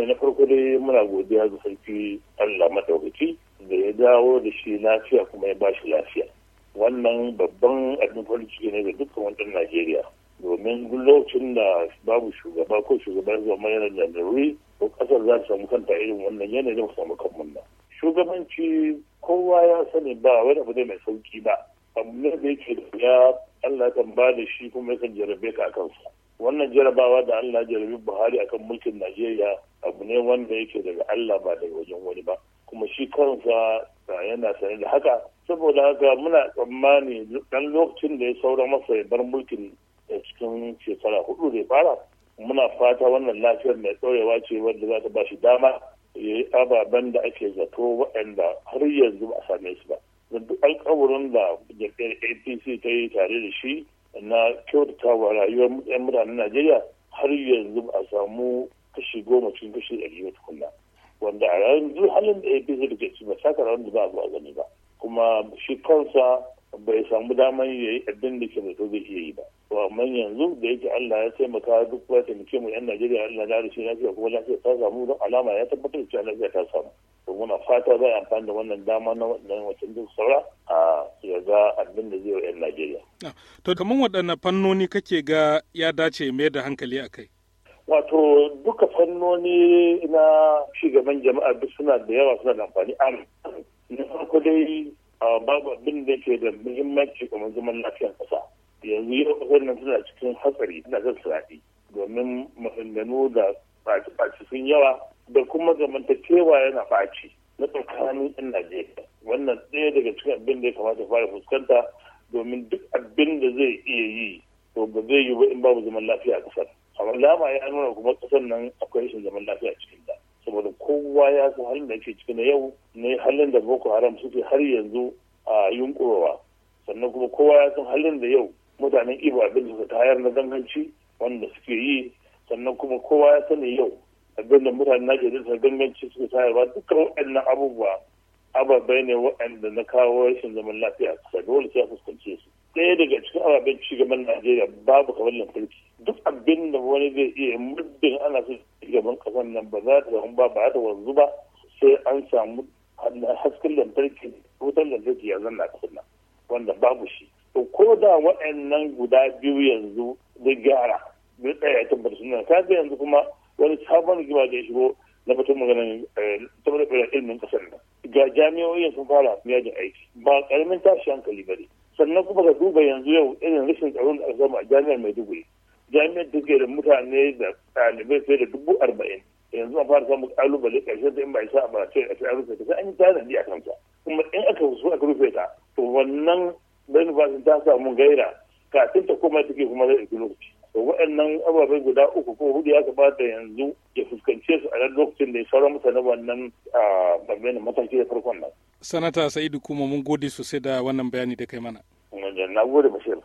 da na farko dai muna godiya ga sarki allah madaukaki da ya dawo da shi lafiya kuma ya bashi lafiya wannan babban abin farin ciki ne ga dukkan wannan najeriya domin duk lokacin da babu shugaba ko shugaban zama yana da daruri ko kasar za ta samu kanta irin wannan yanayin da samu kanmu nan shugabanci kowa ya sani ba wai abu ne mai sauki ba amma da yake da ya Allah kan ba da shi kuma yakan jarabe ka akan wannan jarabawa da Allah jarabi Buhari akan mulkin Najeriya abu ne wanda yake daga Allah ba daga wajen wani ba kuma shi kansa yana sanar da haka saboda haka muna tsammani dan lokacin da ya saura masa ya bar mulkin a cikin shekara hudu da fara muna fata wannan lafiyar mai tsorewa ce wanda za ta ba shi dama ya yi ababen da ake zato waɗanda har yanzu ba a same su ba duk alkawarin da jam'iyyar apc ta yi tare da shi na kyautata wa rayuwar 'yan mutanen najeriya har yanzu ba a samu kashi goma cikin kashi ɗari na tukunna wanda a yanzu halin da ya fi zai da ba saka rawar da ba a gani ba kuma shi kansa bai samu daman ya yi abin da ke mutu zai iya yi ba to amma yanzu da yake Allah ya taimaka duk ta nike mu yan Najeriya Allah ya dace lafiya kuma lafiya ta samu don alama ya tabbatar cewa lafiya ta samu to muna fata za a amfani da wannan dama na wannan wacin duk saura a ya ga abin da zai wa yan Najeriya to kamar waɗanne fannoni kake ga ya dace mai da hankali a kai wato duka fannoni na shugaban jama'a duk suna da yawa suna da amfani a na farko dai babu abin da ke da muhimmanci ga zaman lafiyar ƙasa yanzu yau ƙasar nan suna cikin hatsari na zan suraɗi domin mahimmanu da ɓaci sun yawa da kuma zamantakewa yana ɓaci na tsakanin 'yan Najeriya wannan ɗaya daga cikin abin da ya kamata fara fuskanta domin duk abin da zai iya yi to ba zai yi ba in babu zaman lafiya a ƙasar. alama ya nuna kuma ƙasar nan akwai rashin zaman lafiya cikin da saboda kowa ya san halin da yake cikin yau ne halin da boko haram suke har yanzu a yunkurowa sannan kuma kowa ya san halin da yau mutanen ibo abin da tayar na ganganci wanda suke yi sannan kuma kowa ya sani yau abin da mutanen najeriya suka ganganci suka tayar ba dukkan waɗannan abubuwa ababai ne waɗanda na kawo rashin zaman lafiya a dole sai a fuskance su ɗaya daga cikin ababen ci gaban najeriya babu kamar lantarki duk abin abin da wani zai iya muddin ana so gaban kasan nan ba za ta ba ba ta wanzu ba sai an samu hasken lantarki wutar lantarki ya zanna kasan nan wanda babu shi to ko da waɗannan guda biyu yanzu da gyara bai tsaya ya tabbata suna ta ga yanzu kuma wani sabon rigima da ya shigo na batun maganin eh, tabbatar ilimin kasar nan ga jami'o'i sun fara yajin aiki ba karamin tashi hankali ba ne sannan kuma ka duba yanzu yau irin rashin tsaron da aka samu a jami'ar maiduguri jami'ar take da mutane da ɗalibai sai da dubu arba'in yanzu a fara samun kalubale ƙarshe ta in ba isa ba ce a rufe ta sai an yi tanadi a kanta kuma in aka so aka rufe ta to wannan bayan ta samu gaira kafin ta koma take kuma zai ɗauki lokaci to waɗannan ababe guda uku ko hudu ya kamata yanzu ya fuskance su a nan lokacin da ya sauran mutane wannan a mataki da farkon nan. sanata sa'idu kuma mun gode sosai da wannan bayani da kai mana. na gode bashir.